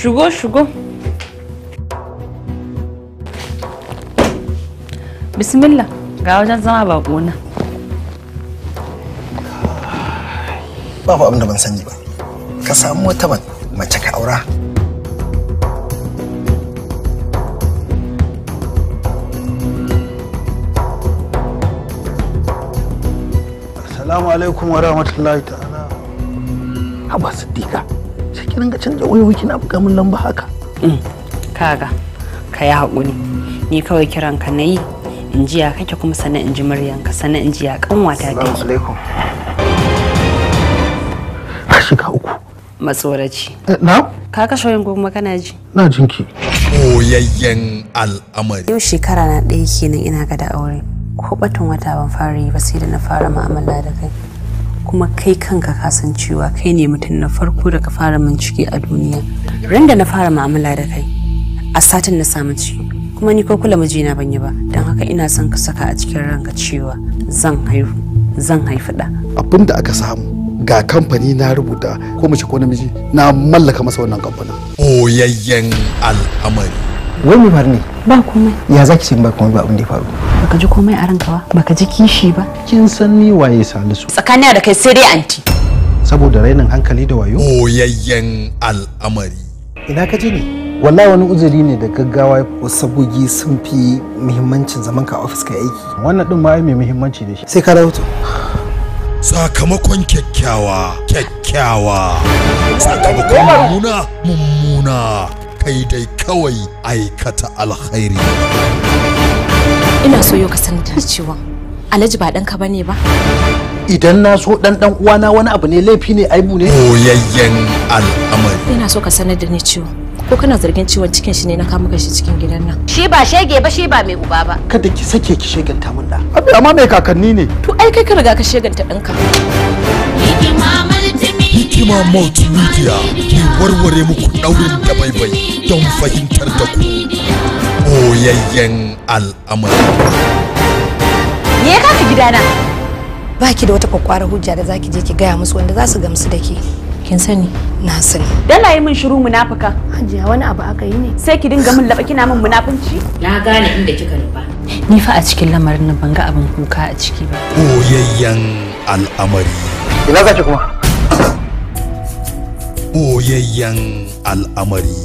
죽어 죽어 bismillah ga wajen zama bako na babu abin da ban sani ba ka samu wata mace ka aura Assalamu alaikum wa rahmatullahi ta'ala. Haba Siddiqa. sai ki ringa canza wayoyi kina buga min lamba haka mm. kaga ka yi haƙuri ni kawai kiran ka na yi in jiya ya kake kuma sannan in ji ka sannan in ji ya kanwata ta alaikum. ka shiga uku matsoraci eh, na ka kashe wayan kuma kana ji na jinki koyayyen al'amari yau shekara na ɗaya kenan ina ga da aure ko batun wata ban fara yi ba sai da na fara ma'amala da kai kuma kai kanka ka san cewa kai ne mutum na farko da ka fara min ciki a duniya ran da na fara mu'amala da kai a satin na samu ciki kuma ni ko kula mijina ban yi ba don haka ina son ka saka a cikin ranka cewa zan haihu zan haifi da abin da aka samu ga kamfani na rubuta ko mace ko namiji na mallaka masa wannan kamfanin oyayyen al'amari wai me faru ba komai ya zaki ce ba komai ba abin da ya faru baka ji komai a ranka ba baka ji kishi ba kin san ni waye salisu tsakaniya da kai sai dai anti saboda rainin hankali da wayo oyayyen al'amari ina ka je ne wallahi wani uzuri ne da gaggawa wasu sabogi sun fi muhimmancin zaman ka ofis ka aiki wannan din ma ai mai muhimmanci da shi sai ka rahoto sakamakon kyakkyawa kyakkyawa sakamakon mummuna mummuna kai dai kawai aikata alkhairi ina so yau ka san cewa alhaji ba ɗanka bane ba idan na so dan dan uwana wani abu ne laifi ne aibu ne boyayyen al'amari ina so ka sanar da ni cewa ko kana zargin ciwon cikin shi ne na kama kashi cikin gidan nan shi ba shege ba shi ba mai uba ba kada ki sake ki sheganta mun da amma mai kakanni ne to ai kai ka riga ka sheganta ɗanka Hikima Multimedia ke warware muku daurin da baibai don fahimtar da ku boyayyen al'amari. Me ya kaka gidana? Ba ki da wata kwakwara hujja da za ki je ki gaya musu wanda za su gamsu da ke. Kin sani? Na sani. Dala yi min shiru munafuka. Hajiya wani abu aka yi ne. Sai ki dinga min laba kina min munafunci? Na gane inda kika nufa. Ni fa a cikin lamarin nan ban ga abin kuka a ciki ba. Boyayyen al'amari. Ina za ki kuma? ɓoyayyen al'amari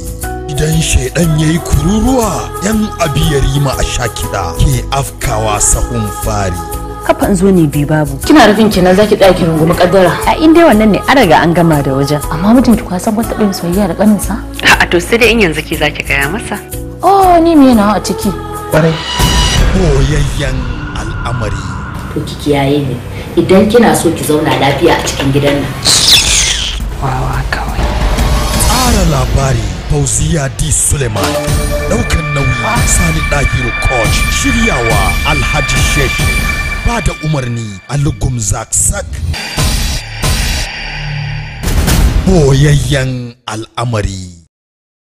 idan shaidan ya yi kururuwa yan abiyar yi ma a sha kiɗa ke afkawa sahun fari kafan zo ne bi babu kina rufin kenan zaki ki rungumi kaddara a inda wannan ne an riga an gama da wajen amma mutum ki san wata ɗin soyayya da ƙanin sa a to sai dai in yanzu ki zaki gaya masa oh ni me nawa a ciki kwarai koyayyen al'amari to ki yayi ne idan kina so ki zauna lafiya a cikin gidan nan wawa Wannan labari Fauziya D. Suleiman Ɗaukan nauyi Sani ɗaki Koch Shiryawa Alhaji Sheshi Ba da umarni Alugum Zak Boyayyen al'amari